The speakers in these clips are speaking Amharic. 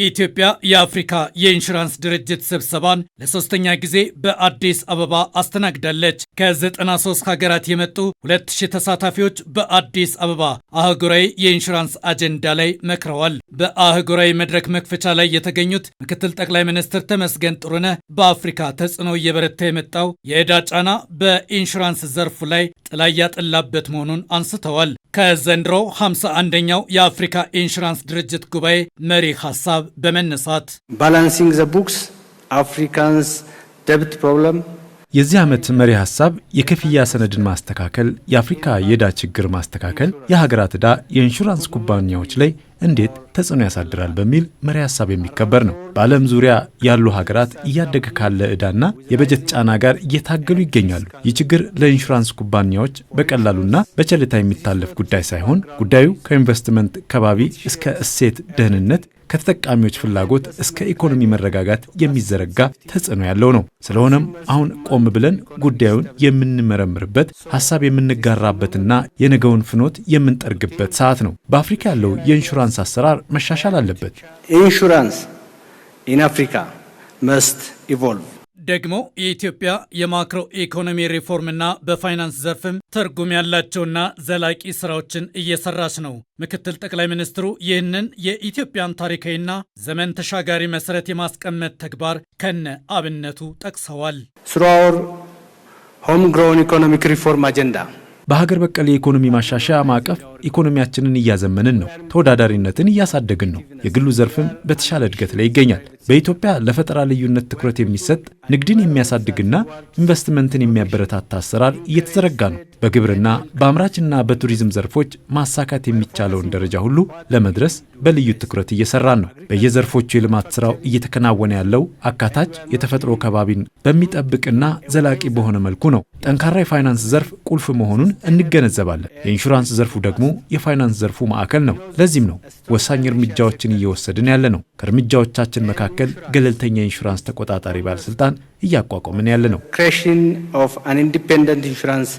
የኢትዮጵያ የአፍሪካ የኢንሹራንስ ድርጅት ስብሰባን ለሶስተኛ ጊዜ በአዲስ አበባ አስተናግዳለች። ከ93 ሀገራት የመጡ 2000 ተሳታፊዎች በአዲስ አበባ አህጉራዊ የኢንሹራንስ አጀንዳ ላይ መክረዋል። በአህጉራዊ መድረክ መክፈቻ ላይ የተገኙት ምክትል ጠቅላይ ሚኒስትር ተመስገን ጥሩነህ በአፍሪካ ተጽዕኖ እየበረታ የመጣው የዕዳ ጫና በኢንሹራንስ ዘርፉ ላይ ጥላ እያጠላበት መሆኑን አንስተዋል። ከዘንድሮ 51 አንደኛው የአፍሪካ ኢንሹራንስ ድርጅት ጉባኤ መሪ ሀሳብ በመነሳት ባላንሲንግ ዘ ቡክስ አፍሪካንስ ደብት ፕሮብለም የዚህ ዓመት መሪ ሀሳብ የክፍያ ሰነድን ማስተካከል፣ የአፍሪካ የዕዳ ችግር ማስተካከል፣ የሀገራት ዕዳ የኢንሹራንስ ኩባንያዎች ላይ እንዴት ተጽዕኖ ያሳድራል በሚል መሪ ሀሳብ የሚከበር ነው። በዓለም ዙሪያ ያሉ ሀገራት እያደገ ካለ ዕዳና የበጀት ጫና ጋር እየታገሉ ይገኛሉ። ይህ ችግር ለኢንሹራንስ ኩባንያዎች በቀላሉና በቸልታ የሚታለፍ ጉዳይ ሳይሆን ጉዳዩ ከኢንቨስትመንት ከባቢ እስከ እሴት ደህንነት ከተጠቃሚዎች ፍላጎት እስከ ኢኮኖሚ መረጋጋት የሚዘረጋ ተጽዕኖ ያለው ነው። ስለሆነም አሁን ቆም ብለን ጉዳዩን የምንመረምርበት ሀሳብ የምንጋራበትና የነገውን ፍኖት የምንጠርግበት ሰዓት ነው። በአፍሪካ ያለው የኢንሹራንስ አሰራር መሻሻል አለበት። ኢንሹራንስ ኢን አፍሪካ መስት ኢቮልቭ ደግሞ የኢትዮጵያ የማክሮ ኢኮኖሚ ሪፎርምና በፋይናንስ ዘርፍም ትርጉም ያላቸውና ዘላቂ ስራዎችን እየሰራች ነው። ምክትል ጠቅላይ ሚኒስትሩ ይህንን የኢትዮጵያን ታሪካዊና ዘመን ተሻጋሪ መሰረት የማስቀመጥ ተግባር ከነ አብነቱ ጠቅሰዋል። ስሩ አወር ሆም ግሮውን ኢኮኖሚክ ሪፎርም አጀንዳ በሀገር በቀል የኢኮኖሚ ማሻሻያ ማዕቀፍ ኢኮኖሚያችንን እያዘመንን ነው። ተወዳዳሪነትን እያሳደግን ነው። የግሉ ዘርፍም በተሻለ እድገት ላይ ይገኛል። በኢትዮጵያ ለፈጠራ ልዩነት ትኩረት የሚሰጥ ንግድን የሚያሳድግና ኢንቨስትመንትን የሚያበረታታ አሰራር እየተዘረጋ ነው። በግብርና በአምራችና በቱሪዝም ዘርፎች ማሳካት የሚቻለውን ደረጃ ሁሉ ለመድረስ በልዩ ትኩረት እየሰራን ነው። በየዘርፎቹ የልማት ስራው እየተከናወነ ያለው አካታች የተፈጥሮ ከባቢን በሚጠብቅና ዘላቂ በሆነ መልኩ ነው። ጠንካራ የፋይናንስ ዘርፍ ቁልፍ መሆኑን እንገነዘባለን። የኢንሹራንስ ዘርፉ ደግሞ የፋይናንስ ዘርፉ ማዕከል ነው። ለዚህም ነው ወሳኝ እርምጃዎችን እየወሰድን ያለ ነው። ከእርምጃዎቻችን መካከል ገለልተኛ የኢንሹራንስ ተቆጣጣሪ ባለስልጣን እያቋቋምን ያለ ነው። ክሬሽን ኦፍ አን ኢንዲፔንደንት ኢንሹራንስ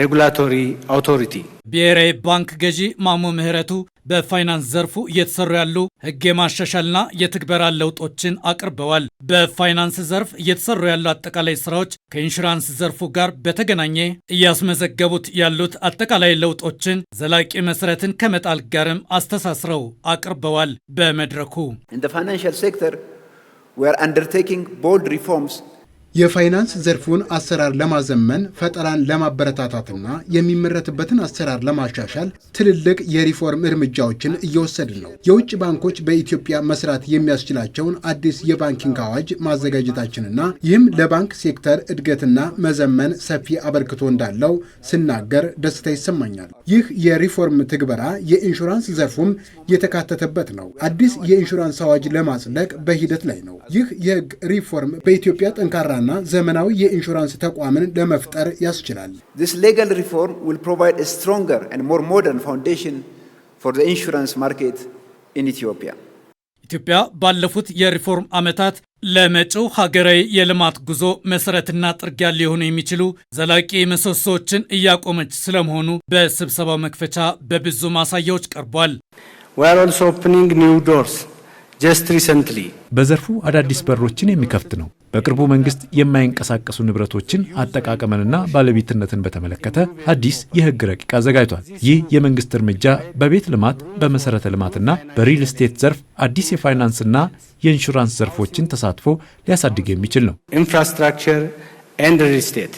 ሬጉላቶሪ አውቶሪቲ። ብሔራዊ ባንክ ገዢ ማሞ ምህረቱ በፋይናንስ ዘርፉ እየተሰሩ ያሉ ህግ የማሻሻልና የትግበራ ለውጦችን አቅርበዋል። በፋይናንስ ዘርፍ እየተሰሩ ያሉ አጠቃላይ ስራዎች ከኢንሹራንስ ዘርፉ ጋር በተገናኘ እያስመዘገቡት ያሉት አጠቃላይ ለውጦችን ዘላቂ መሰረትን ከመጣል ጋርም አስተሳስረው አቅርበዋል። በመድረኩ ኢን ዘ ፋይናንሻል ሴክተር ዊ አር አንደርቴኪንግ ቦልድ ሪፎርምስ የፋይናንስ ዘርፉን አሰራር ለማዘመን ፈጠራን ለማበረታታትና የሚመረትበትን አሰራር ለማሻሻል ትልልቅ የሪፎርም እርምጃዎችን እየወሰድን ነው። የውጭ ባንኮች በኢትዮጵያ መስራት የሚያስችላቸውን አዲስ የባንኪንግ አዋጅ ማዘጋጀታችንና ይህም ለባንክ ሴክተር እድገትና መዘመን ሰፊ አበርክቶ እንዳለው ስናገር ደስታ ይሰማኛል። ይህ የሪፎርም ትግበራ የኢንሹራንስ ዘርፉም የተካተተበት ነው። አዲስ የኢንሹራንስ አዋጅ ለማጽደቅ በሂደት ላይ ነው። ይህ የህግ ሪፎርም በኢትዮጵያ ጠንካራ ጠንካራና ዘመናዊ የኢንሹራንስ ተቋምን ለመፍጠር ያስችላል። ዚስ ሌጋል ሪፎርም ዊል ፕሮቫይድ ኤ ስትሮንገር ኤንድ ሞር ሞደርን ፋውንዴሽን ፎር ዘ ኢንሹራንስ ማርኬት ኢን ኢትዮጵያ። ኢትዮጵያ ባለፉት የሪፎርም ዓመታት ለመጪው ሀገራዊ የልማት ጉዞ መሰረትና ጥርጊያ ሊሆኑ የሚችሉ ዘላቂ ምሰሶዎችን እያቆመች ስለመሆኑ በስብሰባው መክፈቻ በብዙ ማሳያዎች ቀርቧል። ዊ አር ኦልሶ ኦፕኒንግ ጀስት ሪሰንትሊ በዘርፉ አዳዲስ በሮችን የሚከፍት ነው። በቅርቡ መንግስት የማይንቀሳቀሱ ንብረቶችን አጠቃቀምንና ባለቤትነትን በተመለከተ አዲስ የህግ ረቂቅ አዘጋጅቷል። ይህ የመንግስት እርምጃ በቤት ልማት፣ በመሠረተ ልማትና በሪል ስቴት ዘርፍ አዲስ የፋይናንስና የኢንሹራንስ ዘርፎችን ተሳትፎ ሊያሳድግ የሚችል ነው። ኢንፍራስትራክቸር ኤንድ ሪል ስቴት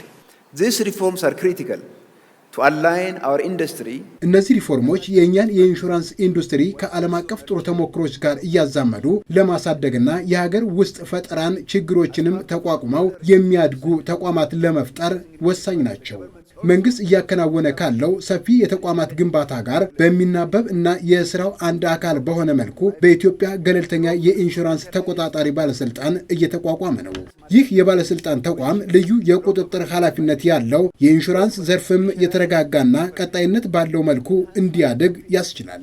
እነዚህ ሪፎርሞች የእኛን የኢንሹራንስ ኢንዱስትሪ ከዓለም አቀፍ ጥሩ ተሞክሮች ጋር እያዛመዱ ለማሳደግና የሀገር ውስጥ ፈጠራን ችግሮችንም ተቋቁመው የሚያድጉ ተቋማት ለመፍጠር ወሳኝ ናቸው። መንግስት እያከናወነ ካለው ሰፊ የተቋማት ግንባታ ጋር በሚናበብ እና የስራው አንድ አካል በሆነ መልኩ በኢትዮጵያ ገለልተኛ የኢንሹራንስ ተቆጣጣሪ ባለስልጣን እየተቋቋመ ነው። ይህ የባለስልጣን ተቋም ልዩ የቁጥጥር ኃላፊነት ያለው የኢንሹራንስ ዘርፍም የተረጋጋና ቀጣይነት ባለው መልኩ እንዲያድግ ያስችላል።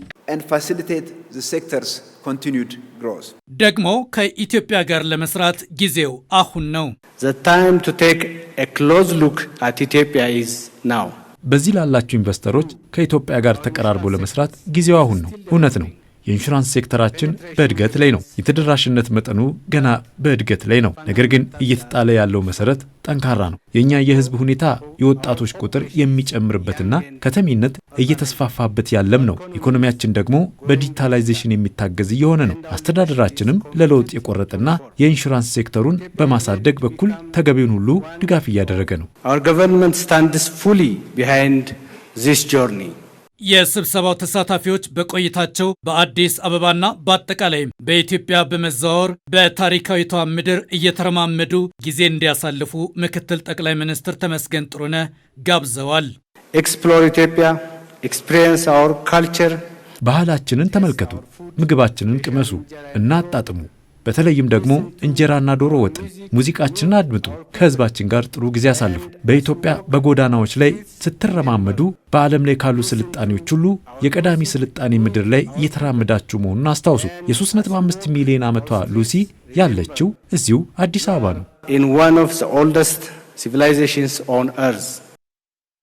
ኮንቲኒድ ግሮዝ ደግሞ ከኢትዮጵያ ጋር ለመስራት ጊዜው አሁን ነው። ዘ ታይም ቱ ቴክ ኤ ክሎዝ ሉክ አት ኢትዮጵያ ኢዝ ናው። በዚህ ላላችሁ ኢንቨስተሮች ከኢትዮጵያ ጋር ተቀራርቦ ለመስራት ጊዜው አሁን ነው። እውነት ነው። የኢንሹራንስ ሴክተራችን በእድገት ላይ ነው። የተደራሽነት መጠኑ ገና በእድገት ላይ ነው። ነገር ግን እየተጣለ ያለው መሰረት ጠንካራ ነው። የእኛ የህዝብ ሁኔታ የወጣቶች ቁጥር የሚጨምርበትና ከተሜነት እየተስፋፋበት ያለም ነው። ኢኮኖሚያችን ደግሞ በዲጂታላይዜሽን የሚታገዝ እየሆነ ነው። አስተዳደራችንም ለለውጥ የቆረጠና የኢንሹራንስ ሴክተሩን በማሳደግ በኩል ተገቢውን ሁሉ ድጋፍ እያደረገ ነው። Our government stands fully behind this journey. የስብሰባው ተሳታፊዎች በቆይታቸው በአዲስ አበባና በአጠቃላይም በኢትዮጵያ በመዘዋወር በታሪካዊቷ ምድር እየተረማመዱ ጊዜ እንዲያሳልፉ ምክትል ጠቅላይ ሚኒስትር ተመስገን ጥሩነህ ጋብዘዋል። ኤክስፕሎር ኢትዮጵያ ኤክስፒሪየንስ አወር ካልቸር ባህላችንን ተመልከቱ፣ ምግባችንን ቅመሱ እና አጣጥሙ በተለይም ደግሞ እንጀራና ዶሮ ወጥን፣ ሙዚቃችንን አድምጡ፣ ከህዝባችን ጋር ጥሩ ጊዜ አሳልፉ። በኢትዮጵያ በጎዳናዎች ላይ ስትረማመዱ በዓለም ላይ ካሉ ስልጣኔዎች ሁሉ የቀዳሚ ስልጣኔ ምድር ላይ እየተራመዳችሁ መሆኑን አስታውሱ። የ3.5 ሚሊዮን ዓመቷ ሉሲ ያለችው እዚሁ አዲስ አበባ ነው። ኢን ዋን ኦፍ ዘ ኦልደስት ሲቪላይዜሽንስ ኦን እርዝ